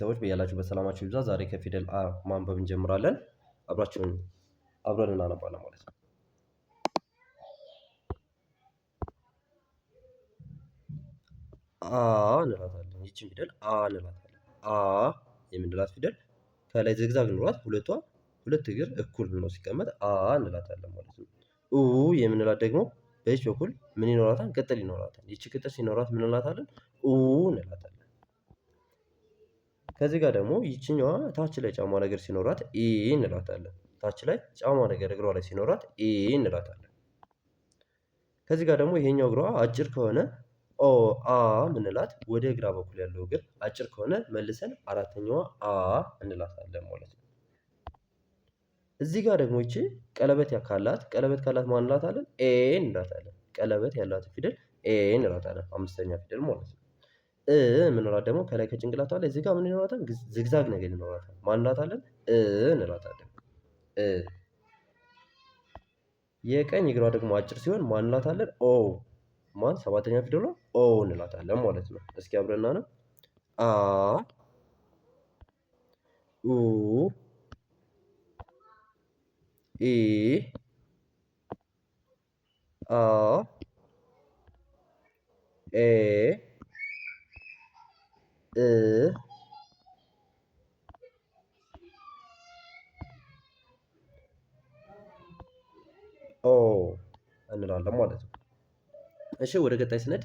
ሰዎች በያላችሁ በሰላማችሁ ይብዛ። ዛሬ ከፊደል አ ማንበብ እንጀምራለን። አብራችሁን አብረን እናነባለን ማለት ነው። አ እንላታለን። ይችን ፊደል አ እንላታለን። አ የምንላት ፊደል ከላይ ዝግዛግ ኑሯት ሁለቷ ሁለት እግር እኩል ነው ሲቀመጥ አ እንላታለን ማለት ነው። ኡ የምንላት ደግሞ በዚህ በኩል ምን ይኖራታል? ቅጥል ይኖራታል። ይቺ ቅጥል ሲኖራት ምን እንላታለን? ኡ እንላታለን። ከዚህ ጋር ደግሞ ይችኛዋ ታች ላይ ጫማ ነገር ሲኖራት ኤ እንላታለን። ታች ላይ ጫማ ነገር እግሯ ላይ ሲኖራት ኤ እንላታለን። ከዚህ ጋር ደግሞ ይሄኛው እግሯ አጭር ከሆነ ኦ አ ምንላት፣ ወደ ግራ በኩል ያለው እግር አጭር ከሆነ መልሰን አራተኛዋ አ እንላታለን ማለት ነው። እዚህ ጋር ደግሞ ይቺ ቀለበት ካላት ቀለበት ካላት ማን እንላታለን? ኤ እንላታለን። ቀለበት ያላት ፊደል ኤ እንላታለን፣ አምስተኛ ፊደል ማለት ነው። እ የምንላት ደግሞ ከላይ ከጭንቅላቷ ላይ እዚህ ጋር ምን ይኖራታል? ዝግዛግ ነገር ይኖራታል። ማን እንላታለን? እ እንላታለን። እ የቀኝ እግሯ ደግሞ አጭር ሲሆን ማን እንላታለን? ኦ ማን ሰባተኛ ፊደሏ ኦ እንላታለን ማለት ነው። እስኪ አብረና ነው አ ኡ ኢ አ ኤ እ ኦ እንላለን ማለት ነው። እሺ ወደ ቀጣይ ስነድ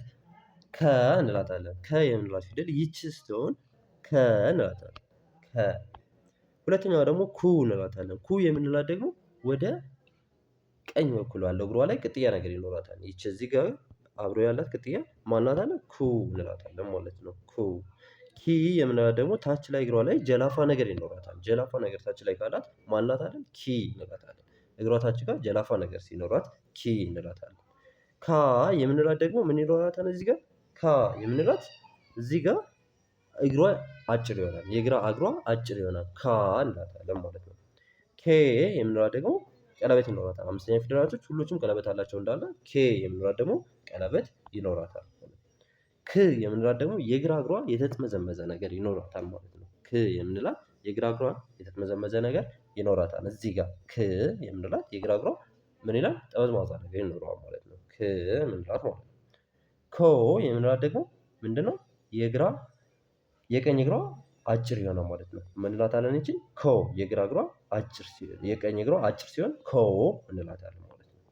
ከ እንላታለን። ከ የምንላት ፊደል ይቺ ስትሆን ከ እንላታለን። ከ ሁለተኛዋ ደግሞ ኩ እንላታለን። ኩ የምንላት ደግሞ ወደ ቀኝ በኩል አለ እግሯ ላይ ቅጥያ ነገር ይኖራታል። ይቺ እዚህ ጋር አብሮ ያላት ቅጥያ ማናት ኩ እንላታለን ማለት ነው። ኩ ሂ የምንላት ደግሞ ታች ላይ እግሯ ላይ ጀላፋ ነገር ይኖራታል። ጀላፋ ነገር ታች ላይ ካላት ማላት አይደል ኪ እንላታለን። እግሯ ታች ጋር ጀላፋ ነገር ሲኖራት ኪ እንላታለን። ካ የምንላት ደግሞ ምን ይኖራታል? እዚህ ጋር ካ የምንላት እዚህ ጋር እግሯ አጭር ይሆናል። የግራ እግሯ አጭር ይሆናል። ካ እንላታለን ማለት ነው። ኬ የምንላት ደግሞ ቀለበት ይኖራታል። አምስተኛ ፊደላቶች ሁሎችም ቀለበት አላቸው እንዳለ ኬ የምንላት ደግሞ ቀለበት ይኖራታል። ክ የምንላት ደግሞ የግራ እግሯ የተጥመዘመዘ ነገር ይኖራታል ማለት ነው። ክ የምንላት የግራ እግሯ የተጥመዘመዘ ነገር ይኖራታል። እዚህ ጋር ክ የምንላት የግራ እግሯ ምን ይላል? ጠመዝማዛ ነገር ይኖረዋል ማለት ነው። ክ የምንላት ማለት ነው። ኮ የምንላት ደግሞ ምንድነው? የግራ የቀኝ እግሯ አጭር የሆነ ማለት ነው። ምንላታለን? ይችን ኮ የግራ እግሯ አጭር ሲሆን የቀኝ እግሯ አጭር ሲሆን ኮ እንላታለን ማለት ነው።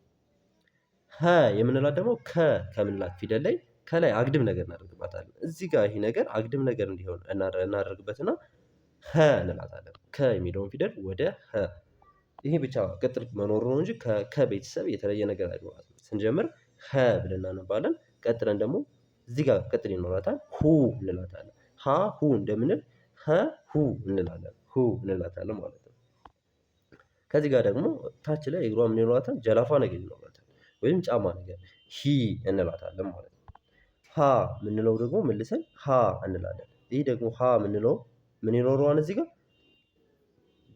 ሀ የምንላት ደግሞ ከ ከምንላት ፊደል ላይ ከላይ አግድም ነገር እናደርግባታለን። እዚህ ጋር ይሄ ነገር አግድም ነገር እንዲሆን እናደርግበትና ሀ እንላታለን። ከ የሚለውን ፊደል ወደ ሀ ይሄ ብቻ ቅጥል መኖሩ ነው እንጂ ከቤተሰብ የተለየ ነገር አይኖራትም። ስንጀምር ሀ ብለን እናነባለን። ቀጥለን ደግሞ እዚህ ጋር ቅጥል ይኖራታል። ሁ እንላታለን። ሀ ሁ እንደምንል ሀ ሁ እንላለን። ሁ እንላታለን ማለት ነው። ከዚህ ጋር ደግሞ ታች ላይ እግሯ ምን ይኖራታል? ጀላፋ ነገር ይኖራታል፣ ወይም ጫማ ነገር ሂ እንላታለን ማለት ነው። ሀ የምንለው ደግሞ መልሰን ሀ እንላለን። ይህ ደግሞ ሀ የምንለው ምን ይኖረዋል እዚህ ጋር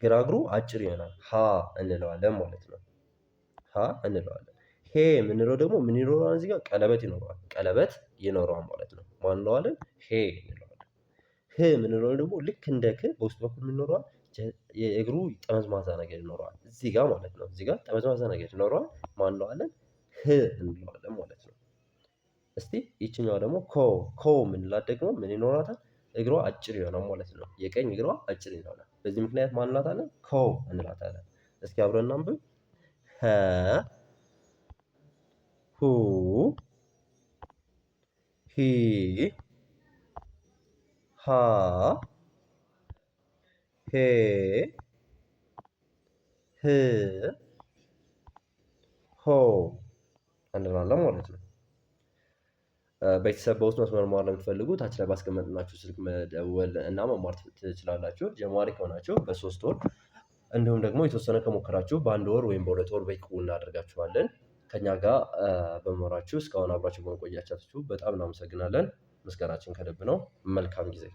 ግራ እግሩ አጭር ይሆናል። ሀ እንለዋለን ማለት ነው። ሀ እንለዋለን። ሄ የምንለው ደግሞ ምን ይኖረዋል እዚህ ጋር ቀለበት ይኖረዋል። ቀለበት ይኖረዋል ማለት ነው። ማን እንለዋለን? ሄ እንለዋለን። ህ የምንለው ደግሞ ልክ እንደ ክ በውስጥ በኩል ምን የእግሩ ጠመዝማዛ ነገር ይኖረዋል እዚህ ጋር ማለት ነው። እዚህ ጋር ጠመዝማዛ ነገር ይኖረዋል። ማን እንለዋለን? ህ እንለዋለን ማለት ነው። እስቲ ይቺኛዋ ደግሞ ኮ ኮ የምንላት ደግሞ ምን ይኖራታል? እግሯ አጭር ይሆናል ማለት ነው። የቀኝ እግሯ አጭር ይሆናል። በዚህ ምክንያት ማን እንላታለን? ኮ እንላታለን። እስኪ አብረን እናንብብ። ሀ ሁ ሂ ሀ ሄ ህ ሆ እንላለን ማለት ነው። ቤተሰብ በውስጥ መስመር መማር ለምትፈልጉ ታች ላይ ባስቀመጥናችሁ ስልክ መደወል እና መማር ትችላላችሁ። ጀማሪ ከሆናችሁ በሶስት ወር እንዲሁም ደግሞ የተወሰነ ከሞከራችሁ በአንድ ወር ወይም በሁለት ወር በይቁ እናደርጋችኋለን። ከኛ ጋር በመኖራችሁ እስካሁን አብራችሁ በመቆያቻችሁ በጣም እናመሰግናለን። ምስጋናችን ከልብ ነው። መልካም ጊዜ